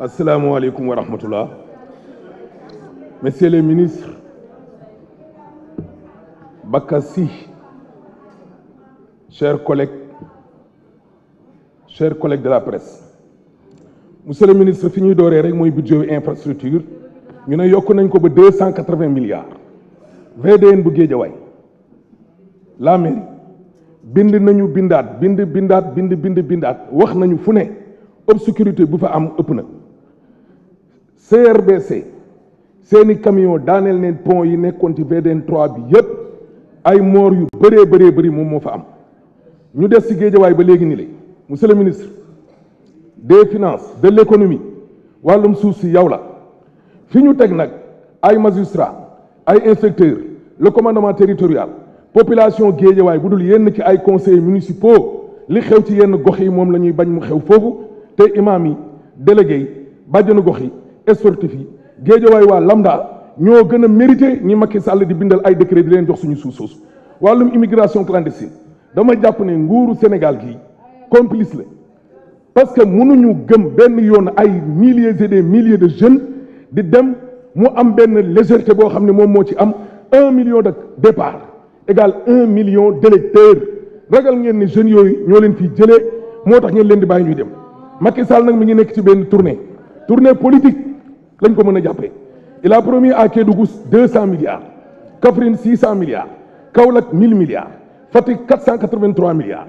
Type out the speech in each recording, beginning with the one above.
asalaamualeykum wa rahmatullah messieurs les ministres Bakassi chers collègues chers collègues de la presse monsieur le ministre fi ñuy dooree rek mooy bu yu infrastructure ñu ne yokk nañ ko ba deux cent quatre vingt milliards VDN bu Géejawaay la mairie bind nañu bindaat bind bindaat bind bind bindaat wax nañu fu ne sécurité bu fa am ëpp na CRBC seeni camion daaneel neen pont yi nekkoon ci VDN 3 bi yëpp ay moor yu bëree bëree bëri moom moo fa am ñu des ci géejawaay ba léegi ni mu monsieur le ministre des finances de l'économie wàllum suuf si yow la fi ñu teg nag ay magistrats ay inspecteurs le commandement territorial population géejawaay bu dul yenn ci ay conseils municipaux li xew ci yenn gox yi moom la ñuy bañ mu xew foofu te imaam yi délégué yi bàjjenu gox yi sportif yi géejawaay waa lambda ñoo gën a mérité ñi Macky sàll di bindal ay décret di leen jox suñu suuf soosu wàllum immigration clandestine dama jàpp ne nguuru Sénégal gii complice la parce que mënuñu gëm benn yoon ay milliers et des milliers de jeunes di dem mu am benn légèreté boo xam ne moom moo ci am un million de départ égal un million d'électeurs ragal ngeen ni jeunes yooyu ñoo leen fii jëlee moo tax ngeen leen di bàyyi ñuy dem Macky Sall nag mi ngi nekk ci benn tournée lañ ko mën a jàppee il a promis à Kédougou deux cent milliards Kaffrine six cent milliards Kaolack mille milliards Fatick quatre cent quatre vingt trois milliards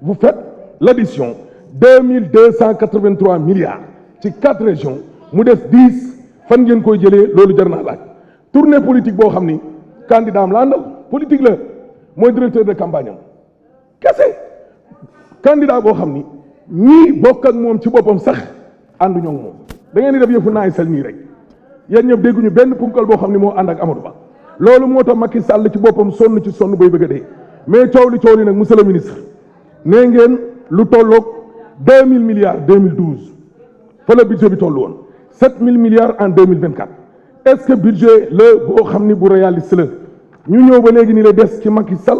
vous faites l'addition deux cent quatre vingt trois milliards ci quatre mu des dix fan ngeen koy jëlee loolu jar naa laaj tournée politique boo xam ni candidat am la àndal politique la mooy directeur de campagne kese candidat boo xam ni ñii bokk moom ci boppam sax ànduñoo ak moom. da ngeen di def yëfu naay sal nii rek yéen ñëpp dégguñu benn punkal boo xam ne moo ànd ak Amadou Ba loolu moo tax Macky Sall ci boppam sonn ci sonn bay bëgg a dee mais coow li coow li nag monsieur le ministre nee ngeen lu tolloog deux mille milliards deux mille douze fa la bi toll woon sept mille en deux mille vingt quatre est ce que budget la boo xam ni bu réaliste la ñu ñëw ba léegi ni la des ci Macky sal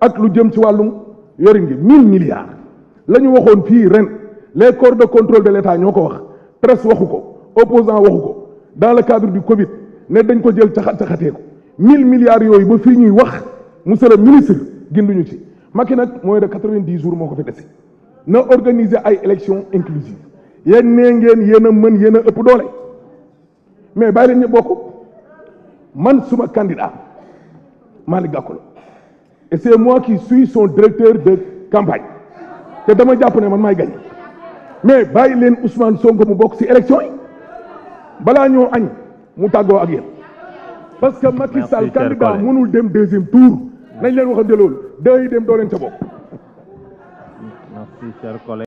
ak lu jëm ci wàllum yorin gi mille milliards la ñu waxoon fii ren les corps de contrôle de l' état ñoo ko wax. presse waxu ko opposant waxu ko dans le cadre du Covid ne dañ ko jël caxat caxatee ko mille milliards yooyu ba fii ñuy wax monsieur le ministre ginduñu ci Macky nag mooy de quatre vingt jours moo ko fi dese na organiser ay élections inclusives yéen nee ngeen yéen a mën yéen a ëpp doole mais bàyyi leen bokk man suma candidat Malick Gakou la et c'est moi qui suis son directeur de campagne te dama jàpp ne man maay gañ mais bàyyi leen Ousmane Sonko mu bokk si élection yi balaa ñoo añ mu tàggoo ak parce que Macky Sall candidat mënul dem deuxième tour nañ leen waxante loolu day dem doo leen sa bopp. merci